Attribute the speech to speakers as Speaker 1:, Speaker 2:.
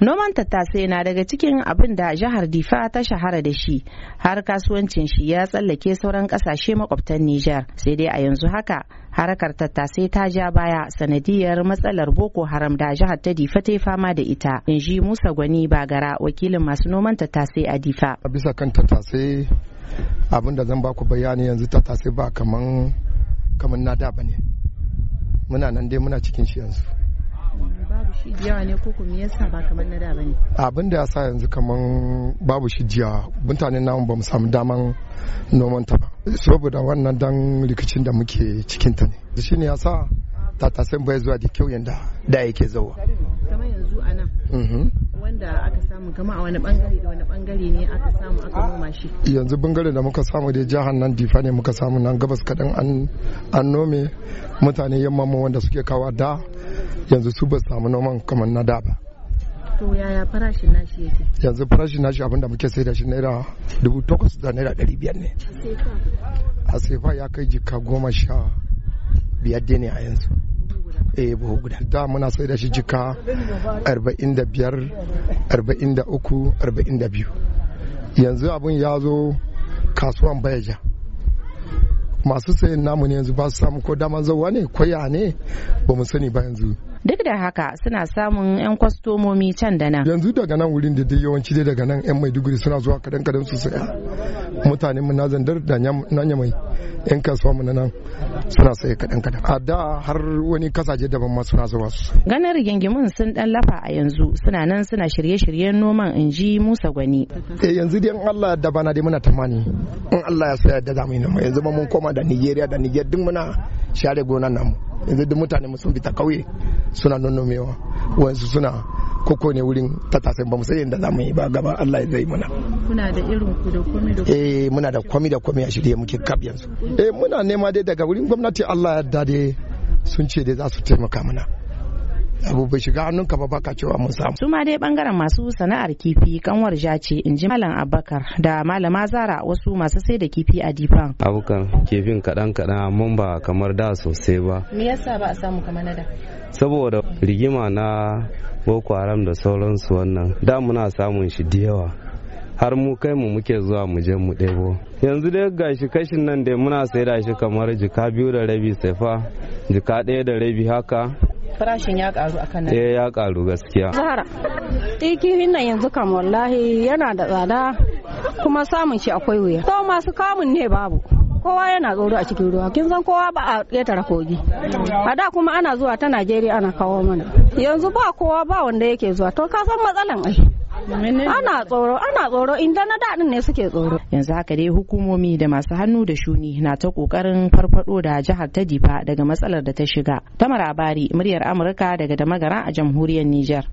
Speaker 1: Noman tattasai na daga cikin abin da jihar Difa ta shahara da shi, har kasuwancin shi ya tsallake sauran kasashe makwabtan Nijar. Sai dai a yanzu haka harkar tattasai ta ja baya sanadiyar matsalar Boko Haram da jihar ta Difa ta fama da ita. In
Speaker 2: ji Musa Gwani Bagara wakilin masu noman tattasai a Difa. Bisa kan tattasai abin da zan ba ku bayani yanzu tattasai ba kaman kaman na da bane. Muna nan dai muna cikin shi yanzu.
Speaker 1: Abin ne ko kuma yasa ba kamar na da bane
Speaker 2: abin da yasa yanzu kaman babu shi jiya mutanen namu ba mu samu daman noman ta ba saboda wannan dan rikicin da muke cikin ta ne shine yasa tatasen bai zuwa da kyau yanda da yake zauwa.
Speaker 1: kamar yanzu anan mhm. wanda aka samu a wani bangare da wani bangare ne aka samu aka noma shi
Speaker 2: yanzu da muka samu da jihar nan difa ne muka samu nan gabas kadan an nome mutane yamma wanda suke kawa da yanzu su ba samu noman kamar na da ba
Speaker 1: to yaya farashin nashi yake
Speaker 2: yanzu farashin nashi abinda muke sai da shi naira dubu takwas da naira ɗari biyar ne a sefa ya kai jika goma sha biyar ne a yanzu eh buhu guda da muna sai da shi jika arba'in da biyar arba'in da uku arba'in da biyu yanzu abin ya zo kasuwan bayaja masu sayan namu ne yanzu ba su samu ko daman zauwa ne koya ne ba mu sani ba yanzu
Speaker 1: duk da haka suna samun 'yan kwastomomi can
Speaker 2: da nan yanzu daga nan wurin da yawanci dai daga nan 'yan maiduguri suna zuwa kadan kadan su saya mutanen mu na zandar da na nyamai yan kasuwa mu na nan suna saye kadan kadan a da har wani kasaje daban ma suna zuwa su
Speaker 1: ganar rigingimun sun dan lafa a yanzu suna nan
Speaker 2: suna shirye-shiryen noman in ji Musa Gwani eh yanzu dai in Allah da bana dai muna tamani in Allah ya sa da zamu yi noma yanzu mun koma da Nigeria da Niger duk muna share gonan namu yanzu duk mutane mu sun fita kauye suna nonnomewa wayansu suna koko ne wurin tatasai ba mu san yadda zamu yi ba gaba Allah zai muna
Speaker 1: kuna da irin ku da komai da eh
Speaker 2: muna da komai da komai a shirye muke kab yanzu eh muna nema dai daga wurin gwamnati Allah ya yarda sun ce dai za su taimaka mana abu bai shiga hannunka ba baka cewa mun samu. su ma dai
Speaker 1: bangaren masu sana'ar kifi kanwar Jace in ji malam abakar da malama zara wasu masu sai da kifi a difan. abukan kifin kadan-kadan mun ba kamar da sosai ba. me yasa ba a samu kamar da. saboda rigima na boko haram da sauransu wannan da muna samun shi da yawa har mu kai mu muke zuwa mu je mu ɗebo yanzu dai shi kashin nan dai muna saida shi kamar jika biyu da rabi fa jika ɗaya da rabi haka farashin ya karu a kan nan eh, ya karu gaskiya zahara tikirin nan yanzu kam wallahi yana da tsada kuma samun shi akwai wuya to masu kamun ne babu kowa yana tsoro a cikin ruwa kin san kowa ba a ƙetare kogi a da kuma ana zuwa ta najeriya ana kawo mana yanzu ba kowa ba wanda yake zuwa to ka san matsalan ai ana tsoro ana tsoro inda na daɗin ne suke tsoro yanzu haka dai hukumomi da masu hannu da shuni na ta kokarin farfado da jihar ta difa daga matsalar da ta shiga tamar abari muryar amurka daga damagara a jamhuriyar niger